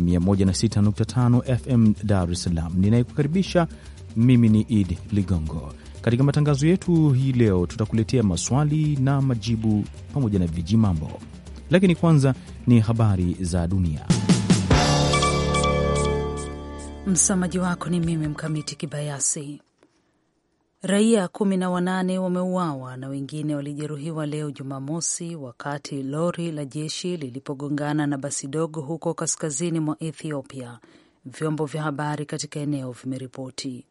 106.5 FM Dar es Salaam. Ninayekukaribisha mimi ni Idi Ligongo. Katika matangazo yetu hii leo, tutakuletea maswali na majibu pamoja na viji mambo, lakini kwanza ni habari za dunia. Msomaji wako ni mimi Mkamiti Kibayasi. Raia kumi na wanane wameuawa na wengine walijeruhiwa leo Jumamosi wakati lori la jeshi lilipogongana na basi dogo huko kaskazini mwa Ethiopia, vyombo vya habari katika eneo vimeripoti.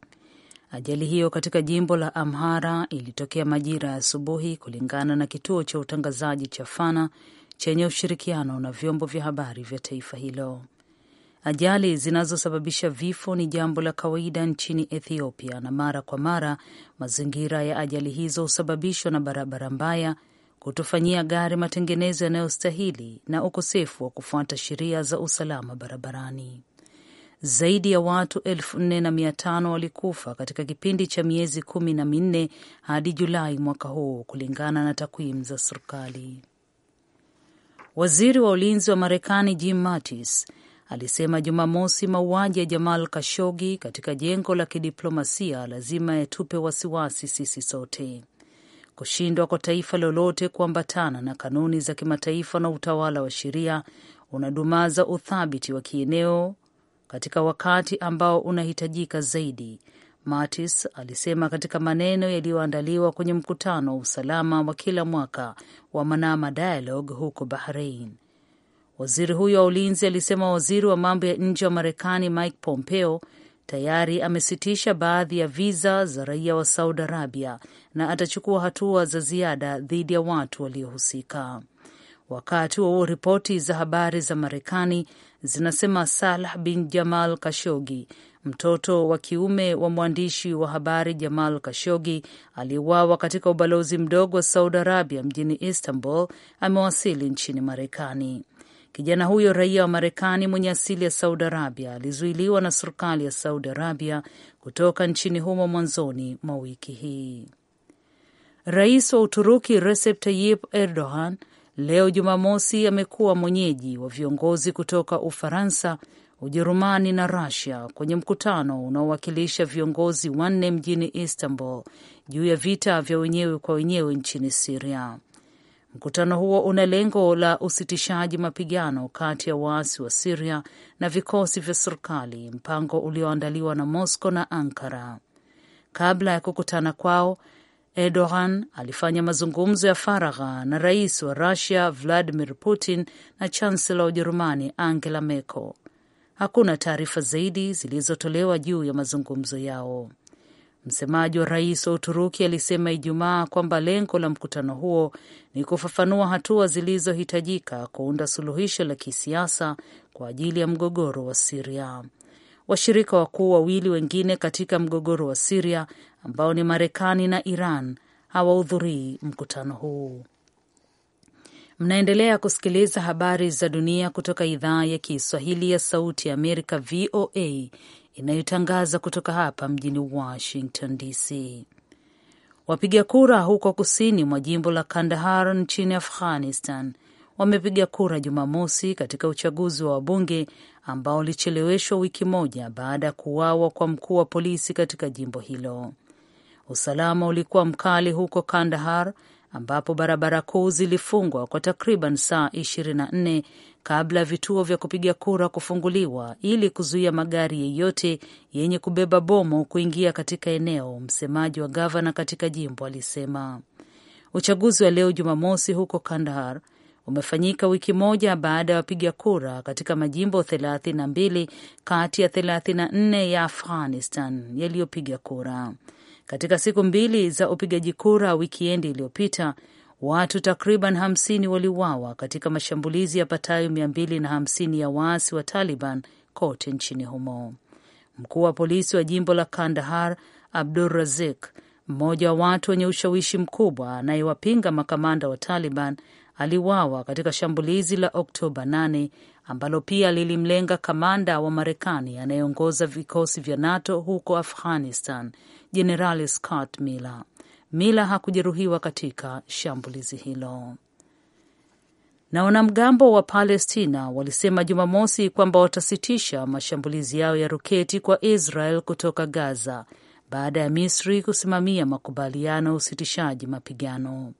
Ajali hiyo katika jimbo la Amhara ilitokea majira ya asubuhi, kulingana na kituo cha utangazaji cha Fana chenye ushirikiano na vyombo vya habari vya taifa hilo. Ajali zinazosababisha vifo ni jambo la kawaida nchini Ethiopia, na mara kwa mara mazingira ya ajali hizo husababishwa na barabara mbaya, kutofanyia gari matengenezo yanayostahili na ukosefu wa kufuata sheria za usalama barabarani. Zaidi ya watu elfu nne na mia tano walikufa katika kipindi cha miezi kumi na minne hadi Julai mwaka huu kulingana na takwimu za serikali. Waziri wa ulinzi wa Marekani Jim Mattis alisema Jumamosi mauaji ya Jamal Kashogi katika jengo la kidiplomasia lazima yatupe wasiwasi sisi sote. Kushindwa kwa taifa lolote kuambatana na kanuni za kimataifa na utawala wa sheria unadumaza uthabiti wa kieneo katika wakati ambao unahitajika zaidi, Mattis alisema katika maneno yaliyoandaliwa kwenye mkutano wa usalama wa kila mwaka wa Manama Dialogue huko Bahrain. Waziri huyo wa ulinzi alisema waziri wa mambo ya nje wa Marekani Mike Pompeo tayari amesitisha baadhi ya viza za raia wa Saudi Arabia na atachukua hatua za ziada dhidi ya watu waliohusika. Wakati wa huo, ripoti za habari za Marekani zinasema Salah bin Jamal Kashogi, mtoto wa kiume wa mwandishi wa habari Jamal Kashogi aliyeuawa katika ubalozi mdogo wa Saudi Arabia mjini Istanbul, amewasili nchini Marekani. Kijana huyo raia wa Marekani mwenye asili ya Saudi Arabia alizuiliwa na serikali ya Saudi Arabia kutoka nchini humo mwanzoni mwa wiki hii. Rais wa Uturuki Recep Tayyip Erdogan leo Jumamosi amekuwa mwenyeji wa viongozi kutoka Ufaransa, Ujerumani na rasia kwenye mkutano unaowakilisha viongozi wanne mjini Istanbul juu ya vita vya wenyewe kwa wenyewe nchini Siria. Mkutano huo una lengo la usitishaji mapigano kati ya waasi wa Siria na vikosi vya serikali, mpango ulioandaliwa na Moscow na Ankara. Kabla ya kukutana kwao, Erdogan alifanya mazungumzo ya faragha na rais wa Rusia Vladimir Putin na chansela wa Ujerumani Angela Merkel. Hakuna taarifa zaidi zilizotolewa juu ya mazungumzo yao. Msemaji wa rais wa Uturuki alisema Ijumaa kwamba lengo la mkutano huo ni kufafanua hatua zilizohitajika kuunda suluhisho la kisiasa kwa ajili ya mgogoro wa Siria. Washirika wakuu wawili wengine katika mgogoro wa Siria ambao ni Marekani na Iran hawahudhurii mkutano huu. Mnaendelea kusikiliza habari za dunia kutoka idhaa ya Kiswahili ya Sauti ya Amerika, VOA, inayotangaza kutoka hapa mjini Washington DC. Wapiga kura huko kusini mwa jimbo la Kandahar nchini Afghanistan wamepiga kura Jumamosi katika uchaguzi wa wabunge ambao ulicheleweshwa wiki moja baada ya kuuawa kwa mkuu wa polisi katika jimbo hilo. Usalama ulikuwa mkali huko Kandahar ambapo barabara kuu zilifungwa kwa takriban saa 24 kabla ya vituo vya kupiga kura kufunguliwa ili kuzuia magari yeyote yenye kubeba bomu kuingia katika eneo. Msemaji wa gavana katika jimbo alisema uchaguzi wa leo Jumamosi huko Kandahar umefanyika wiki moja baada ya wapiga kura katika majimbo 32 kati ya 34 ya Afghanistan yaliyopiga kura. Katika siku mbili za upigaji kura wikiendi iliyopita, watu takriban 50 waliuawa katika mashambulizi yapatayo hamsini ya waasi wa Taliban kote nchini humo. Mkuu wa polisi wa jimbo la Kandahar, Abdur Razik, mmoja wa watu wenye ushawishi mkubwa anayewapinga makamanda wa Taliban, aliuawa katika shambulizi la Oktoba 8 ambalo pia lilimlenga kamanda wa Marekani anayeongoza vikosi vya NATO huko Afghanistan Jenerali Scott Miller. Miller hakujeruhiwa katika shambulizi hilo. Na wanamgambo wa Palestina walisema Jumamosi kwamba watasitisha mashambulizi yao ya roketi kwa Israel kutoka Gaza baada ya Misri kusimamia makubaliano ya usitishaji mapigano.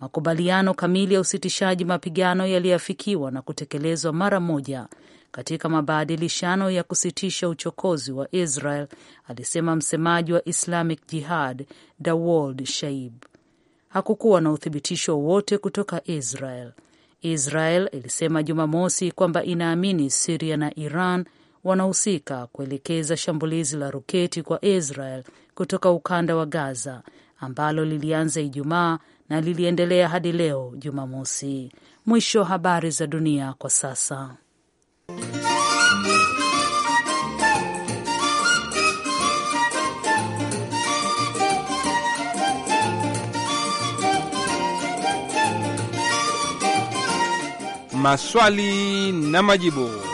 Makubaliano kamili ya usitishaji mapigano yaliyoafikiwa na kutekelezwa mara moja katika mabadilishano ya kusitisha uchokozi wa Israel, alisema msemaji wa Islamic Jihad Dawald Shaib. Hakukuwa na uthibitisho wowote kutoka Israel. Israel ilisema Jumamosi kwamba inaamini Siria na Iran wanahusika kuelekeza shambulizi la roketi kwa Israel kutoka ukanda wa Gaza ambalo lilianza Ijumaa na liliendelea hadi leo Jumamosi. Mwisho wa habari za dunia kwa sasa. Maswali na majibu.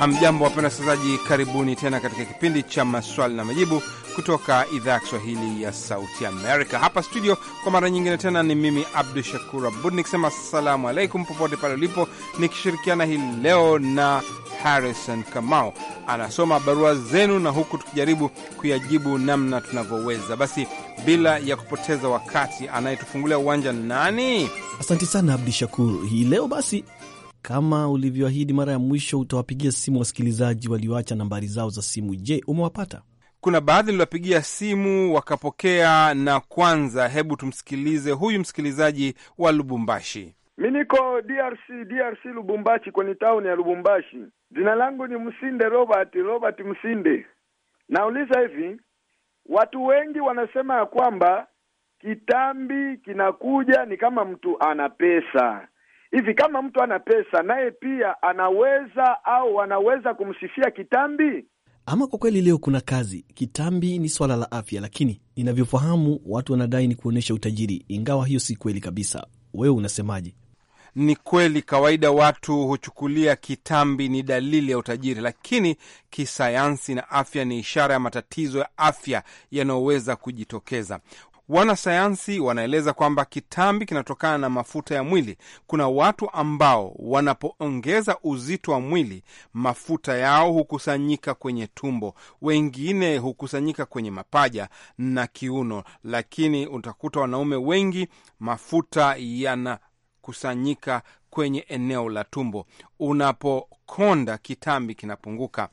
Hamjambo, wapenda wasikilizaji, karibuni tena katika kipindi cha maswali na majibu kutoka idhaa ya Kiswahili ya Sauti Amerika hapa studio. Kwa mara nyingine tena ni mimi Abdu Shakur Abud nikisema assalamu alaikum popote pale ulipo, nikishirikiana hii leo na Harrison Kamau anasoma barua zenu, na huku tukijaribu kuyajibu namna tunavyoweza. Basi bila ya kupoteza wakati, anayetufungulia uwanja nani? Asante sana Abdu Shakur. Hii leo basi kama ulivyoahidi mara ya mwisho, utawapigia simu wasikilizaji walioacha nambari zao za simu. Je, umewapata? Kuna baadhi niliwapigia simu wakapokea. Na kwanza, hebu tumsikilize huyu msikilizaji wa Lubumbashi. Mi niko DRC, DRC Lubumbashi, kwenye tauni ya Lubumbashi. Jina langu ni Msinde Robert, Robert Msinde. Nauliza hivi, watu wengi wanasema ya kwamba kitambi kinakuja ni kama mtu ana pesa hivi kama mtu ana pesa naye pia anaweza au wanaweza kumsifia kitambi? Ama kwa kweli leo kuna kazi. Kitambi ni swala la afya, lakini ninavyofahamu watu wanadai ni kuonyesha utajiri, ingawa hiyo si kweli kabisa. Wewe unasemaje? Ni kweli, kawaida watu huchukulia kitambi ni dalili ya utajiri, lakini kisayansi na afya ni ishara ya matatizo ya afya yanayoweza kujitokeza. Wanasayansi wanaeleza kwamba kitambi kinatokana na mafuta ya mwili. Kuna watu ambao wanapoongeza uzito wa mwili, mafuta yao hukusanyika kwenye tumbo, wengine hukusanyika kwenye mapaja na kiuno, lakini utakuta wanaume wengi mafuta yanakusanyika kwenye eneo la tumbo. Unapokonda, kitambi kinapunguka.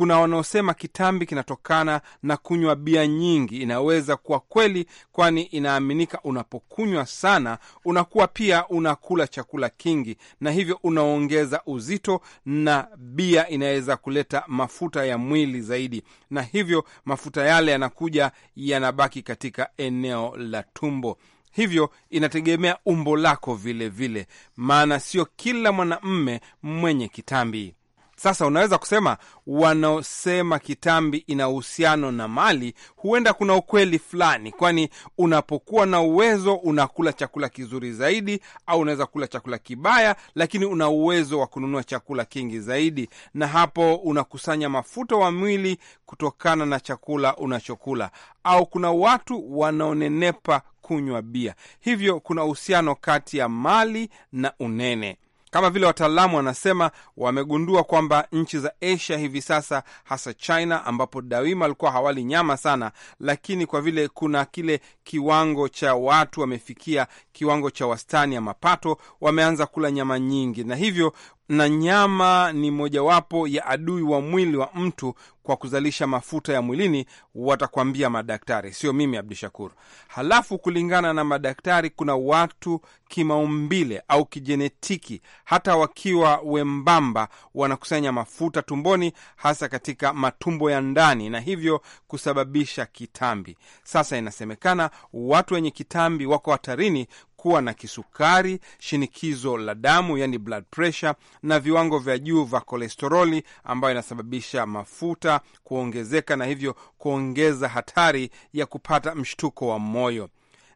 Kuna wanaosema kitambi kinatokana na kunywa bia nyingi. Inaweza kuwa kweli, kwani inaaminika unapokunywa sana unakuwa pia unakula chakula kingi, na hivyo unaongeza uzito, na bia inaweza kuleta mafuta ya mwili zaidi, na hivyo mafuta yale yanakuja yanabaki katika eneo la tumbo. Hivyo inategemea umbo lako vilevile, maana sio kila mwanamme mwenye kitambi. Sasa unaweza kusema wanaosema kitambi ina uhusiano na Mali, huenda kuna ukweli fulani, kwani unapokuwa na uwezo unakula chakula kizuri zaidi, au unaweza kula chakula kibaya, lakini una uwezo wa kununua chakula kingi zaidi, na hapo unakusanya mafuta wa mwili kutokana na chakula unachokula. Au kuna watu wanaonenepa kunywa bia, hivyo kuna uhusiano kati ya mali na unene. Kama vile wataalamu wanasema, wamegundua kwamba nchi za Asia hivi sasa, hasa China ambapo dawima walikuwa hawali nyama sana, lakini kwa vile kuna kile kiwango cha watu wamefikia kiwango cha wastani ya mapato, wameanza kula nyama nyingi, na hivyo na nyama ni mojawapo ya adui wa mwili wa mtu kwa kuzalisha mafuta ya mwilini, watakwambia madaktari, sio mimi Abdu Shakur. Halafu kulingana na madaktari, kuna watu kimaumbile au kijenetiki, hata wakiwa wembamba, wanakusanya mafuta tumboni, hasa katika matumbo ya ndani, na hivyo kusababisha kitambi. Sasa inasemekana watu wenye kitambi wako hatarini kuwa na kisukari, shinikizo la damu yani blood pressure, na viwango vya juu vya kolesteroli ambayo inasababisha mafuta kuongezeka na hivyo kuongeza hatari ya kupata mshtuko wa moyo.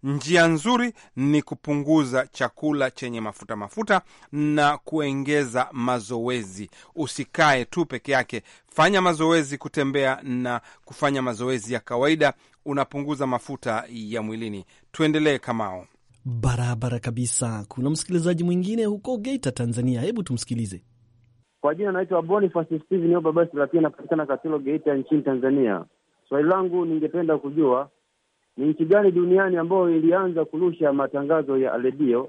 Njia nzuri ni kupunguza chakula chenye mafuta mafuta na kuongeza mazoezi. Usikae tu peke yake, fanya mazoezi, kutembea na kufanya mazoezi ya kawaida, unapunguza mafuta ya mwilini. Tuendelee kamao barabara kabisa. Kuna msikilizaji mwingine huko Geita, Tanzania. Hebu tumsikilize. Kwa jina naitwa Boniface Steven Oba, basi napatikana Katilo, Geita nchini Tanzania. Swali langu, ningependa kujua ni nchi gani duniani ambayo ilianza kurusha matangazo ya redio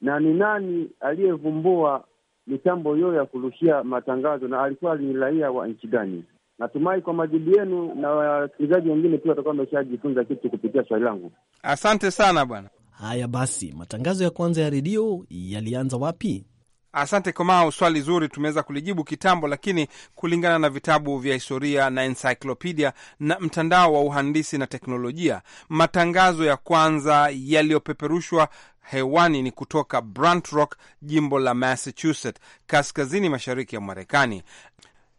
na ni nani aliyevumbua mitambo hiyo ya kurushia matangazo na alikuwa ni raia wa nchi gani? Natumai kwa majibu yenu na wasikilizaji wengine pia watakuwa wameshajifunza kitu kupitia swali langu. Asante sana bwana. Haya basi, matangazo ya kwanza ya redio yalianza wapi? Asante Komao, swali zuri. Tumeweza kulijibu kitambo, lakini kulingana na vitabu vya historia na encyclopedia na mtandao wa uhandisi na teknolojia, matangazo ya kwanza yaliyopeperushwa hewani ni kutoka Brant Rock, jimbo la Massachusetts, kaskazini mashariki ya Marekani,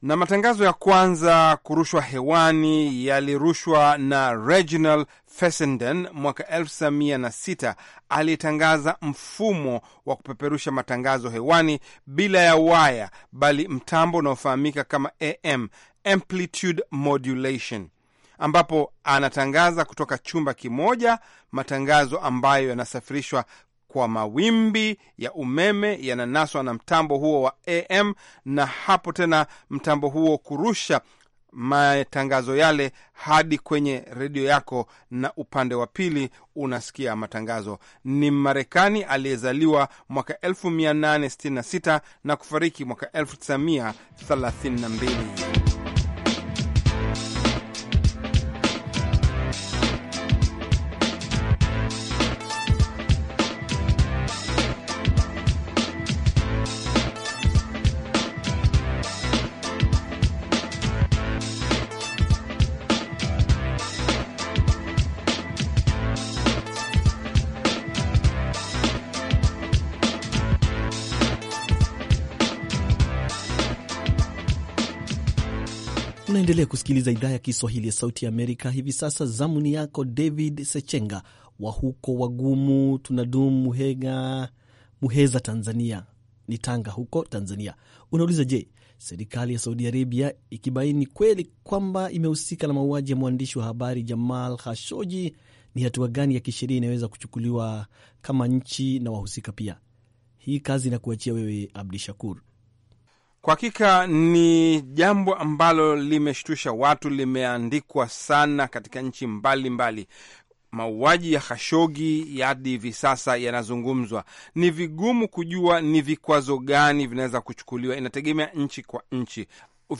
na matangazo ya kwanza kurushwa hewani yalirushwa na Reginald Fessenden mwaka 1906 aliyetangaza mfumo wa kupeperusha matangazo hewani bila ya waya, bali mtambo unaofahamika kama AM, amplitude modulation, ambapo anatangaza kutoka chumba kimoja, matangazo ambayo yanasafirishwa kwa mawimbi ya umeme yananaswa na mtambo huo wa AM, na hapo tena mtambo huo kurusha matangazo yale hadi kwenye redio yako, na upande wa pili unasikia matangazo. Ni Marekani aliyezaliwa mwaka 1866 na kufariki mwaka 1932. Unaendelea kusikiliza idhaa ya Kiswahili ya Sauti ya Amerika. Hivi sasa zamuni yako David Sechenga wa huko Wagumu tunadum Muhega, Muheza, Tanzania ni Tanga huko Tanzania. Unauliza, je, serikali ya Saudi Arabia ikibaini kweli kwamba imehusika na mauaji ya mwandishi wa habari Jamal khashoji ni hatua gani ya kisheria inaweza kuchukuliwa kama nchi na wahusika pia? Hii kazi inakuachia wewe, Abdi Shakur. Kwa hakika ni jambo ambalo limeshtusha watu, limeandikwa sana katika nchi mbalimbali. Mauaji ya Khashogi hadi hivi sasa yanazungumzwa. Ni vigumu kujua ni vikwazo gani vinaweza kuchukuliwa, inategemea nchi kwa nchi.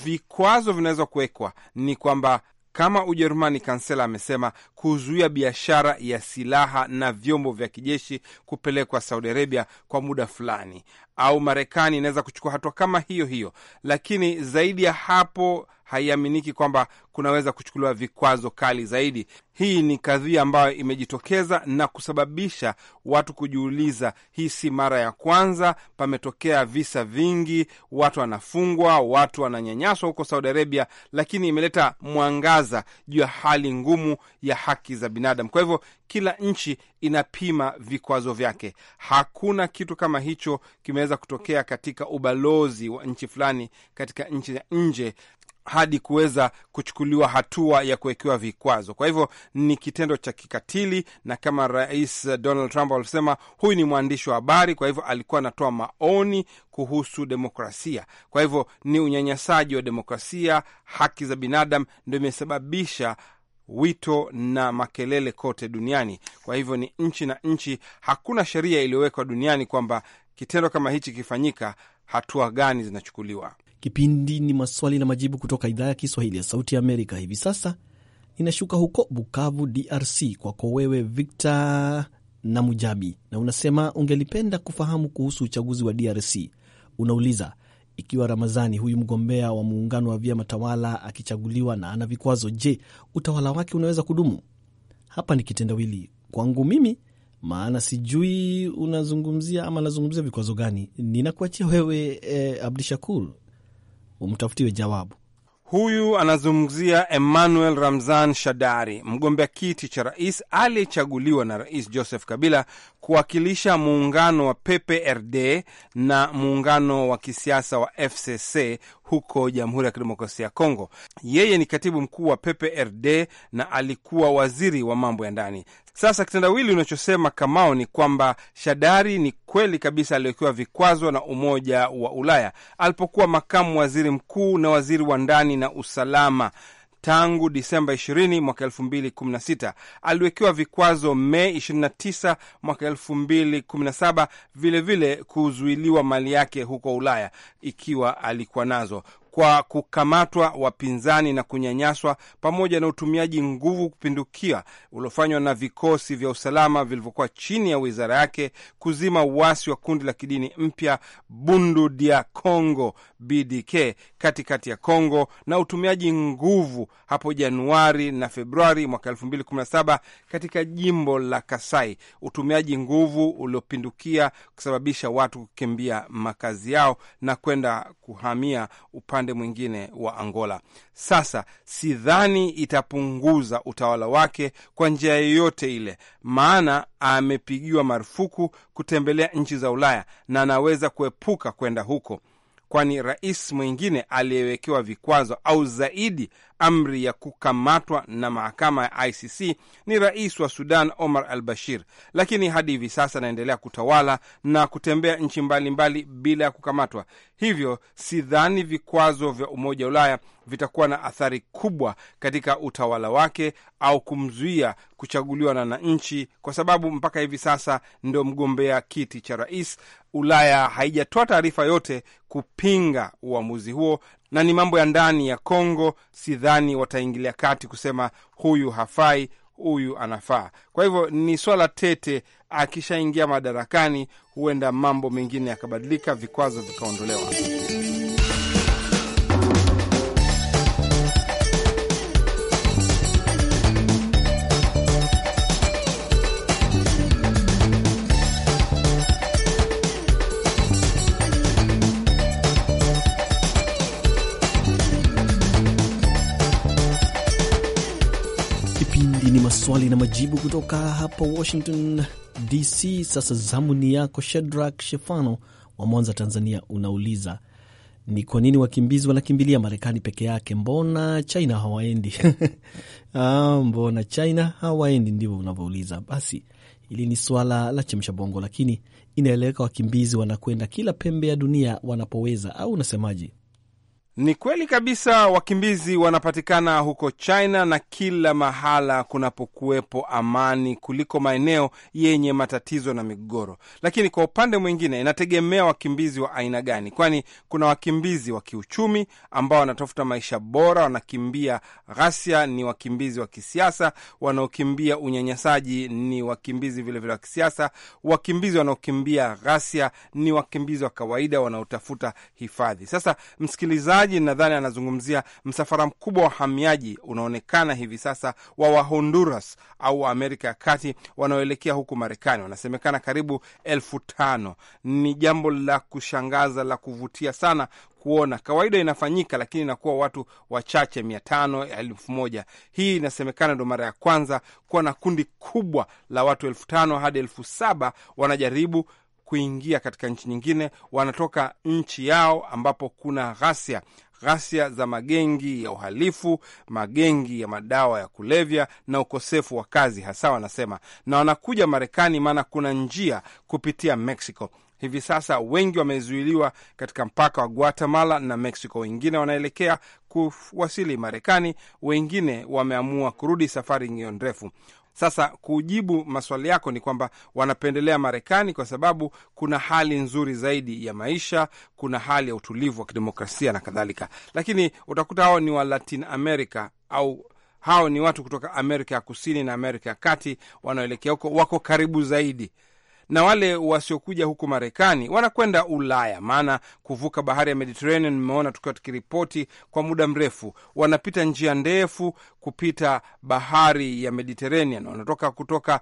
Vikwazo vinaweza kuwekwa ni kwamba kama Ujerumani. Kansela amesema kuzuia biashara ya silaha na vyombo vya kijeshi kupelekwa Saudi Arabia kwa muda fulani, au Marekani inaweza kuchukua hatua kama hiyo hiyo, lakini zaidi ya hapo haiaminiki kwamba kunaweza kuchukuliwa vikwazo kali zaidi. Hii ni kadhia ambayo imejitokeza na kusababisha watu kujiuliza, hii si mara ya kwanza. Pametokea visa vingi, watu wanafungwa, watu wananyanyaswa huko Saudi Arabia, lakini imeleta mwangaza juu ya hali ngumu ya haki za binadamu. Kwa hivyo kila nchi inapima vikwazo vyake. Hakuna kitu kama hicho kimeweza kutokea katika ubalozi wa nchi fulani katika nchi ya nje hadi kuweza kuchukuliwa hatua ya kuwekewa vikwazo. Kwa hivyo ni kitendo cha kikatili, na kama Rais Donald Trump alisema, huyu ni mwandishi wa habari, kwa hivyo alikuwa anatoa maoni kuhusu demokrasia. Kwa hivyo ni unyanyasaji wa demokrasia, haki za binadamu, ndio imesababisha wito na makelele kote duniani. Kwa hivyo ni nchi na nchi, hakuna sheria iliyowekwa duniani kwamba kitendo kama hichi kikifanyika hatua gani zinachukuliwa. Kipindi ni maswali na majibu kutoka idhaa ya Kiswahili ya Sauti ya Amerika. Hivi sasa inashuka huko Bukavu, DRC, kwako wewe Victor na Mujabi, na unasema ungelipenda kufahamu kuhusu uchaguzi wa DRC. Unauliza ikiwa Ramazani huyu mgombea wa muungano wa vyama tawala akichaguliwa na ana vikwazo, je, utawala wake unaweza kudumu? Hapa ni kitendawili kwangu mimi, maana sijui unazungumzia ama anazungumzia vikwazo gani. Ninakuachia wewe eh, Abdishakur umtafutiwe jawabu. Huyu anazungumzia Emmanuel Ramzan Shadari, mgombea kiti cha rais aliyechaguliwa na Rais Joseph Kabila kuwakilisha muungano wa PPRD na muungano wa kisiasa wa FCC huko Jamhuri ya Kidemokrasia ya Kongo. Yeye ni katibu mkuu wa PPRD na alikuwa waziri wa mambo ya ndani. Sasa kitendawili unachosema Kamao ni kwamba Shadari ni kweli kabisa aliwekewa vikwazo na Umoja wa Ulaya alipokuwa makamu waziri mkuu na waziri wa ndani na usalama tangu Disemba 20 mwaka 2016. Aliwekewa vikwazo Mei 29 mwaka 2017, vilevile kuzuiliwa mali yake huko Ulaya ikiwa alikuwa nazo kwa kukamatwa wapinzani na kunyanyaswa pamoja na utumiaji nguvu kupindukia uliofanywa na vikosi vya usalama vilivyokuwa chini ya wizara yake kuzima uasi wa kundi la kidini mpya Bundu dia Congo BDK katikati ya Congo na utumiaji nguvu hapo Januari na Februari mwaka 2017 katika jimbo la Kasai, utumiaji nguvu uliopindukia kusababisha watu kukimbia makazi yao na kwenda kuhamia upande upande mwingine wa Angola. Sasa sidhani itapunguza utawala wake kwa njia yoyote ile, maana amepigiwa marufuku kutembelea nchi za Ulaya na anaweza kuepuka kwenda huko, kwani rais mwingine aliyewekewa vikwazo au zaidi amri ya kukamatwa na mahakama ya ICC ni rais wa Sudan Omar al Bashir, lakini hadi hivi sasa anaendelea kutawala na kutembea nchi mbalimbali bila ya kukamatwa. Hivyo sidhani vikwazo vya Umoja wa Ulaya vitakuwa na athari kubwa katika utawala wake au kumzuia kuchaguliwa na wananchi, kwa sababu mpaka hivi sasa ndio mgombea kiti cha rais. Ulaya haijatoa taarifa yote kupinga uamuzi huo, na ni mambo ya ndani ya Kongo. Sidhani wataingilia kati kusema huyu hafai, huyu anafaa. Kwa hivyo ni swala tete. Akishaingia madarakani, huenda mambo mengine yakabadilika, vikwazo vikaondolewa. maswali na majibu kutoka hapa Washington DC. Sasa zamu ni yako Shedrak Shefano wa Mwanza, Tanzania. Unauliza ni kwa nini wakimbizi wanakimbilia Marekani peke yake, mbona China hawaendi? Ah, mbona China hawaendi, ndivyo unavyouliza. Basi hili ni swala la chemsha bongo, lakini inaeleweka, wakimbizi wanakwenda kila pembe ya dunia wanapoweza, au unasemaje? Ni kweli kabisa, wakimbizi wanapatikana huko China na kila mahala kunapokuwepo amani kuliko maeneo yenye matatizo na migogoro. Lakini kwa upande mwingine, inategemea wakimbizi wa aina gani, kwani kuna wakimbizi wa kiuchumi ambao wanatafuta maisha bora, wanakimbia ghasia, ni wakimbizi wa kisiasa. Wanaokimbia unyanyasaji ni wakimbizi vilevile wa kisiasa. Wakimbizi wanaokimbia ghasia ni wakimbizi wa kawaida wanaotafuta hifadhi. Sasa msikilizaji msikilizaji nadhani anazungumzia msafara mkubwa wa wahamiaji unaonekana hivi sasa wa Wahonduras au wa Amerika ya Kati wanaoelekea huku Marekani, wanasemekana karibu elfu tano. Ni jambo la kushangaza la kuvutia sana kuona kawaida inafanyika, lakini inakuwa watu wachache, mia tano elfu moja. Hii inasemekana ndo mara ya kwanza kuwa na kundi kubwa la watu elfu tano hadi elfu saba wanajaribu kuingia katika nchi nyingine, wanatoka nchi yao ambapo kuna ghasia ghasia za magengi ya uhalifu, magengi ya madawa ya kulevya na ukosefu wa kazi hasa wanasema, na wanakuja Marekani maana kuna njia kupitia Mexico hivi sasa wengi wamezuiliwa katika mpaka wa Guatemala na Mexico. Wengine wanaelekea kuwasili Marekani, wengine wameamua kurudi safari ingine ndefu. Sasa kujibu maswali yako ni kwamba wanapendelea Marekani kwa sababu kuna hali nzuri zaidi ya maisha, kuna hali ya utulivu wa kidemokrasia na kadhalika, lakini utakuta hao ni wa Latin America au hao ni watu kutoka Amerika ya Kusini na Amerika ya Kati wanaoelekea huko, wako karibu zaidi na wale wasiokuja huku Marekani wanakwenda Ulaya, maana kuvuka bahari ya Mediterranean, mmeona tukiwa tukiripoti kwa muda mrefu, wanapita njia ndefu kupita bahari ya Mediterranean, wanatoka kutoka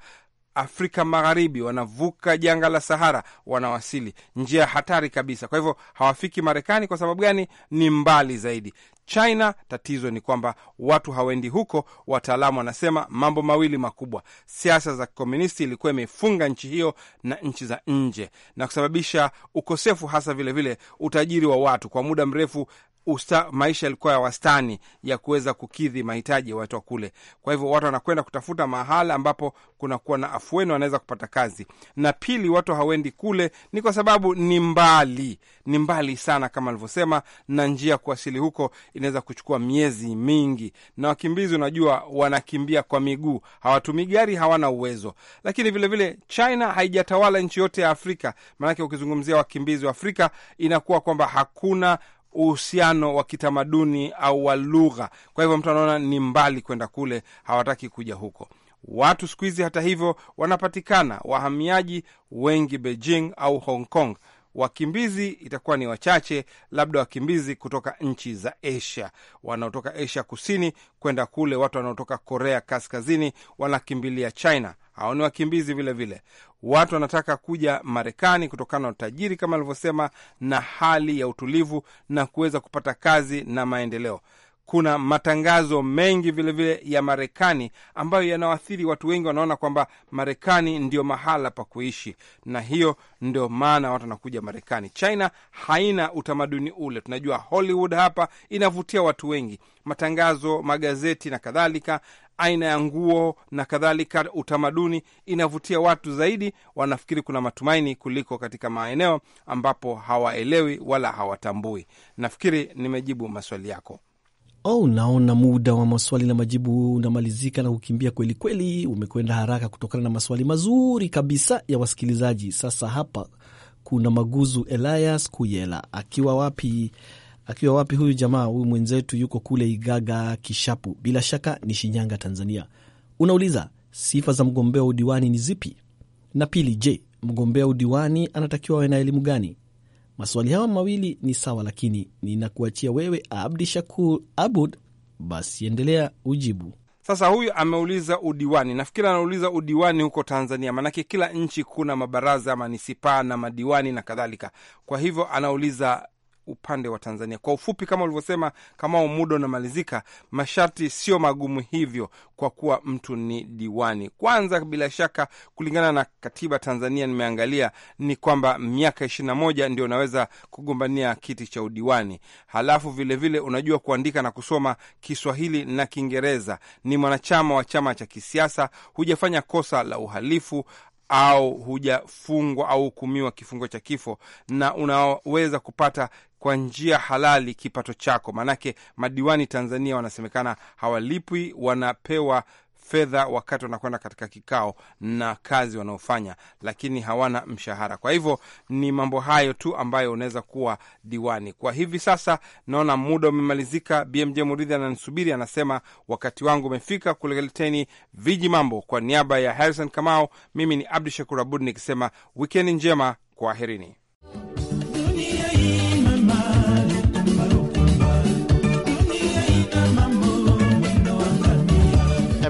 Afrika Magharibi, wanavuka janga la Sahara, wanawasili. Njia hatari kabisa. Kwa hivyo hawafiki Marekani. Kwa sababu gani? Ni mbali zaidi. China. Tatizo ni kwamba watu hawaendi huko. Wataalamu wanasema mambo mawili makubwa: siasa za kikomunisti ilikuwa imefunga nchi hiyo na nchi za nje, na kusababisha ukosefu hasa vilevile vile utajiri wa watu. Kwa muda mrefu usta, maisha yalikuwa ya wastani ya kuweza kukidhi mahitaji ya watu wa kule. Kwa hivyo watu wanakwenda kutafuta mahala ambapo kunakuwa na afueni, wanaweza kupata kazi. Na pili, watu hawendi kule ni kwa sababu ni mbali, ni mbali sana kama alivyosema, na njia ya kuwasili huko inaweza kuchukua miezi mingi, na wakimbizi, unajua, wanakimbia kwa miguu, hawatumii gari, hawana uwezo. Lakini vilevile vile, China haijatawala nchi yote ya Afrika, maanake ukizungumzia wakimbizi wa Afrika inakuwa kwamba hakuna uhusiano wa kitamaduni au wa lugha. Kwa hivyo mtu anaona ni mbali kwenda kule, hawataki kuja huko. Watu siku hizi hata hivyo wanapatikana wahamiaji wengi Beijing au Hong Kong wakimbizi itakuwa ni wachache, labda wakimbizi kutoka nchi za Asia wanaotoka Asia kusini kwenda kule. Watu wanaotoka Korea kaskazini wanakimbilia China, hao ni wakimbizi vilevile vile. Watu wanataka kuja Marekani kutokana na utajiri kama alivyosema, na hali ya utulivu na kuweza kupata kazi na maendeleo kuna matangazo mengi vilevile vile ya Marekani ambayo yanawaathiri watu wengi, wanaona kwamba Marekani ndio mahala pa kuishi, na hiyo ndio maana watu wanakuja Marekani. China haina utamaduni ule. Tunajua Hollywood hapa inavutia watu wengi, matangazo, magazeti na kadhalika, aina ya nguo na kadhalika, utamaduni inavutia watu zaidi, wanafikiri kuna matumaini kuliko katika maeneo ambapo hawaelewi wala hawatambui. Nafikiri nimejibu maswali yako. Oh, naona muda wa maswali na majibu unamalizika na kukimbia kweli kweli, umekwenda haraka kutokana na maswali mazuri kabisa ya wasikilizaji. Sasa hapa kuna Maguzu Elias Kuyela akiwa wapi? Akiwa wapi huyu jamaa? Huyu mwenzetu yuko kule Igaga Kishapu, bila shaka ni Shinyanga, Tanzania. Unauliza, sifa za mgombea udiwani ni zipi? Na pili, je, mgombea udiwani anatakiwa awe na elimu gani? Maswali hayo mawili ni sawa, lakini ninakuachia wewe Abdi Shakur Abud. Basi endelea ujibu. Sasa huyu ameuliza udiwani, nafikiri anauliza udiwani huko Tanzania, maanake kila nchi kuna mabaraza ya manisipaa na madiwani na kadhalika. Kwa hivyo anauliza upande wa Tanzania. Kwa ufupi, kama ulivyosema, kama muda unamalizika, masharti sio magumu hivyo kwa kuwa mtu ni diwani. Kwanza bila shaka, kulingana na katiba Tanzania, nimeangalia ni kwamba miaka ishirini na moja ndio unaweza kugombania kiti cha udiwani. Halafu vilevile vile, unajua kuandika na kusoma Kiswahili na Kiingereza, ni mwanachama wa chama cha kisiasa, hujafanya kosa la uhalifu au hujafungwa au hukumiwa kifungo cha kifo, na unaweza kupata kwa njia halali kipato chako. Maanake madiwani Tanzania wanasemekana hawalipwi, wanapewa fedha wakati wanakwenda katika kikao na kazi wanaofanya, lakini hawana mshahara. Kwa hivyo ni mambo hayo tu ambayo unaweza kuwa diwani kwa hivi sasa. Naona muda umemalizika. BMJ Muridhi ananisubiri, anasema wakati wangu umefika kuleteni viji mambo. Kwa niaba ya Harrison Kamau, mimi ni Abdu Shakur Abud nikisema wikendi njema, kwaherini.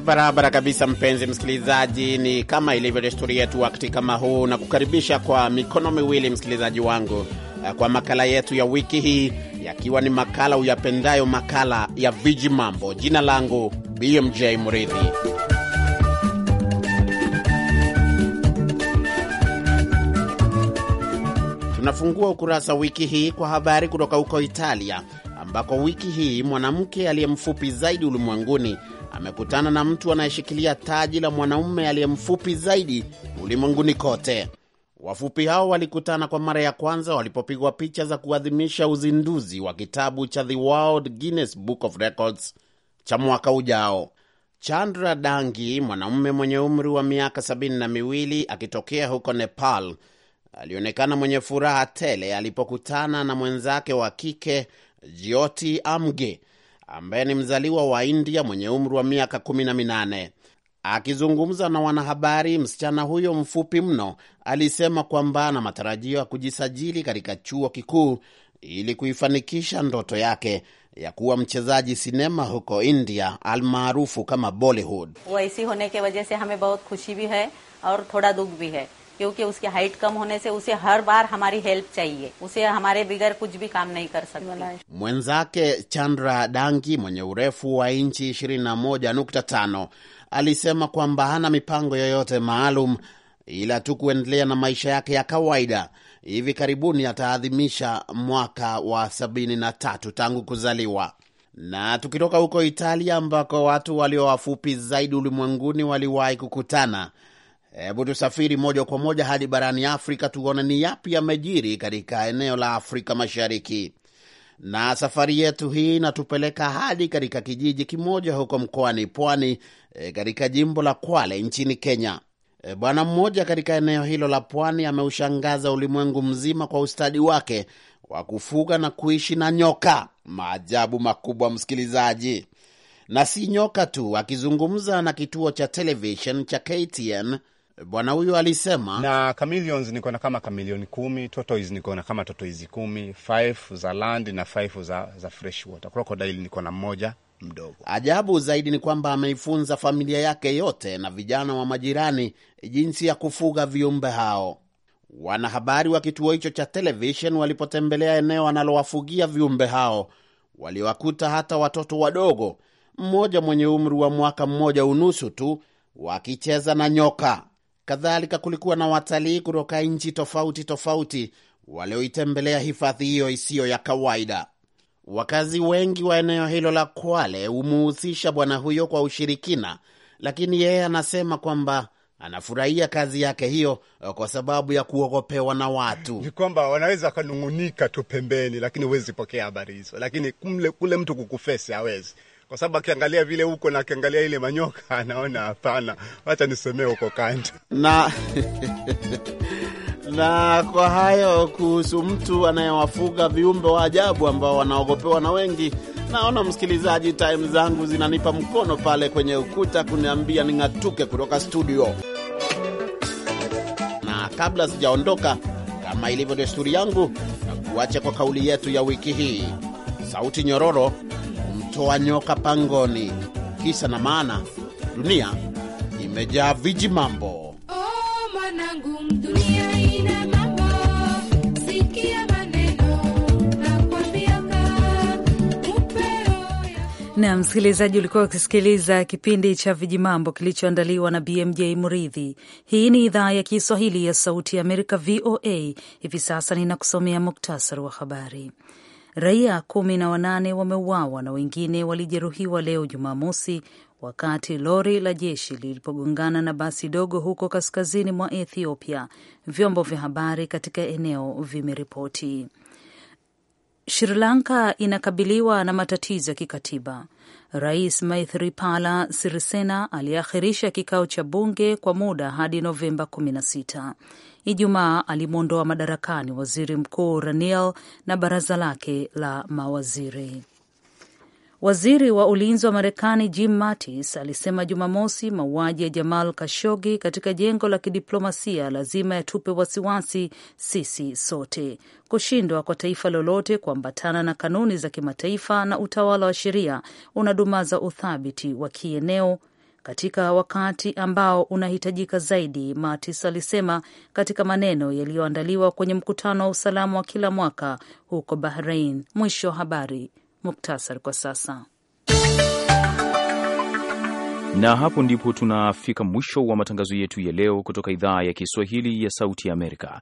barabara kabisa, mpenzi msikilizaji, ni kama ilivyo desturi yetu wakati kama huu, na kukaribisha kwa mikono miwili msikilizaji wangu eh, kwa makala yetu ya wiki hii, yakiwa ni makala uyapendayo, makala ya viji mambo. Jina langu BMJ mridhi Tunafungua ukurasa wiki hii kwa habari kutoka huko Italia ambako wiki hii mwanamke aliye mfupi zaidi ulimwenguni amekutana na mtu anayeshikilia taji la mwanaume aliye mfupi zaidi ulimwenguni kote. Wafupi hao walikutana kwa mara ya kwanza walipopigwa picha za kuadhimisha uzinduzi wa kitabu cha The World Guinness Book of Records cha mwaka ujao. Chandra Dangi, mwanaume mwenye umri wa miaka sabini na miwili akitokea huko Nepal, alionekana mwenye furaha tele alipokutana na mwenzake wa kike Jyoti Amge ambaye ni mzaliwa wa India mwenye umri wa miaka kumi na minane. Akizungumza na wanahabari, msichana huyo mfupi mno alisema kwamba ana matarajio ya kujisajili katika chuo kikuu ili kuifanikisha ndoto yake ya kuwa mchezaji sinema huko India almaarufu kama Bollywood. waisi hone ke hame bahut khushi bhi hai aur thoda dukh bhi hai क्योंकि उसकी हाइट कम होने से उसे हर बार हमारी हेल्प चाहिए, उसे हमारे बगैर कुछ भी काम नहीं कर सकती. Mwenzake Chandra Dangi mwenye urefu wa inchi 21.5 alisema kwamba hana mipango yoyote maalum ila tu kuendelea na maisha yake ya kawaida. Hivi karibuni ataadhimisha mwaka wa 73 tangu kuzaliwa. Na tukitoka huko Italia, ambako watu walio wafupi zaidi ulimwenguni waliwahi kukutana Hebu tusafiri moja kwa moja hadi barani Afrika tuone ni yapi yamejiri katika eneo la Afrika Mashariki, na safari yetu hii inatupeleka hadi katika kijiji kimoja huko mkoani Pwani e, katika jimbo la Kwale nchini Kenya. E, bwana mmoja katika eneo hilo la Pwani ameushangaza ulimwengu mzima kwa ustadi wake wa kufuga na kuishi na nyoka. Maajabu makubwa, msikilizaji, na si nyoka tu. Akizungumza na kituo cha television cha KTN Bwana huyu alisema, na Chameleons niko na kama kamilioni kumi, Tortoise niko na kama tortoise kumi, five za land na five za, za fresh water. Crocodile niko na mmoja mdogo. Ajabu zaidi ni kwamba ameifunza familia yake yote na vijana wa majirani jinsi ya kufuga viumbe hao. Wanahabari wa kituo hicho cha televishen walipotembelea eneo analowafugia viumbe hao, waliwakuta hata watoto wadogo, mmoja mwenye umri wa mwaka mmoja unusu tu wakicheza na nyoka. Kadhalika, kulikuwa na watalii kutoka nchi tofauti tofauti walioitembelea hifadhi hiyo isiyo ya kawaida. Wakazi wengi wa eneo hilo la Kwale humuhusisha bwana huyo kwa ushirikina, lakini yeye anasema kwamba anafurahia kazi yake hiyo kwa sababu ya kuogopewa na watu. Ni kwamba wanaweza wakanung'unika tu pembeni, lakini huwezi pokea habari hizo, lakini kule mtu kukufesi hawezi kwa sababu akiangalia vile huko na akiangalia ile manyoka anaona hapana, wacha nisomee huko kando na na kwa hayo kuhusu mtu anayewafuga viumbe wa ajabu ambao wanaogopewa na wengi. Naona msikilizaji, taimu zangu zinanipa mkono pale kwenye ukuta kuniambia ning'atuke kutoka studio, na kabla sijaondoka, kama ilivyo desturi yangu, na kuacha kwa kauli yetu ya wiki hii, sauti nyororo kutoa nyoka pangoni. Kisa na maana, dunia imejaa viji mambo. Oh, na msikilizaji, ulikuwa ukisikiliza kipindi cha Vijimambo kilichoandaliwa na BMJ Muridhi. Hii ni idhaa ya Kiswahili ya Sauti ya Amerika, VOA. Hivi sasa ninakusomea muktasari wa habari. Raia kumi na wanane wameuawa na wengine walijeruhiwa leo Jumamosi wakati lori la jeshi lilipogongana na basi dogo huko kaskazini mwa Ethiopia, vyombo vya habari katika eneo vimeripoti. Sri Lanka inakabiliwa na matatizo ya kikatiba. Rais Maithripala Sirisena aliakhirisha kikao cha bunge kwa muda hadi Novemba 16. Ijumaa alimwondoa madarakani waziri mkuu Raniel na baraza lake la mawaziri. Waziri wa ulinzi wa Marekani Jim Mattis alisema Jumamosi mauaji ya Jamal Kashogi katika jengo la kidiplomasia lazima yatupe wasiwasi sisi sote. Kushindwa kwa taifa lolote kuambatana na kanuni za kimataifa na utawala wa sheria unadumaza uthabiti wa kieneo, katika wakati ambao unahitajika zaidi, Mattis alisema katika maneno yaliyoandaliwa kwenye mkutano wa usalama wa kila mwaka huko Bahrain. Mwisho wa habari. Muktasar kwa sasa. Na hapo ndipo tunafika mwisho wa matangazo yetu ya leo kutoka idhaa ya Kiswahili ya Sauti ya Amerika.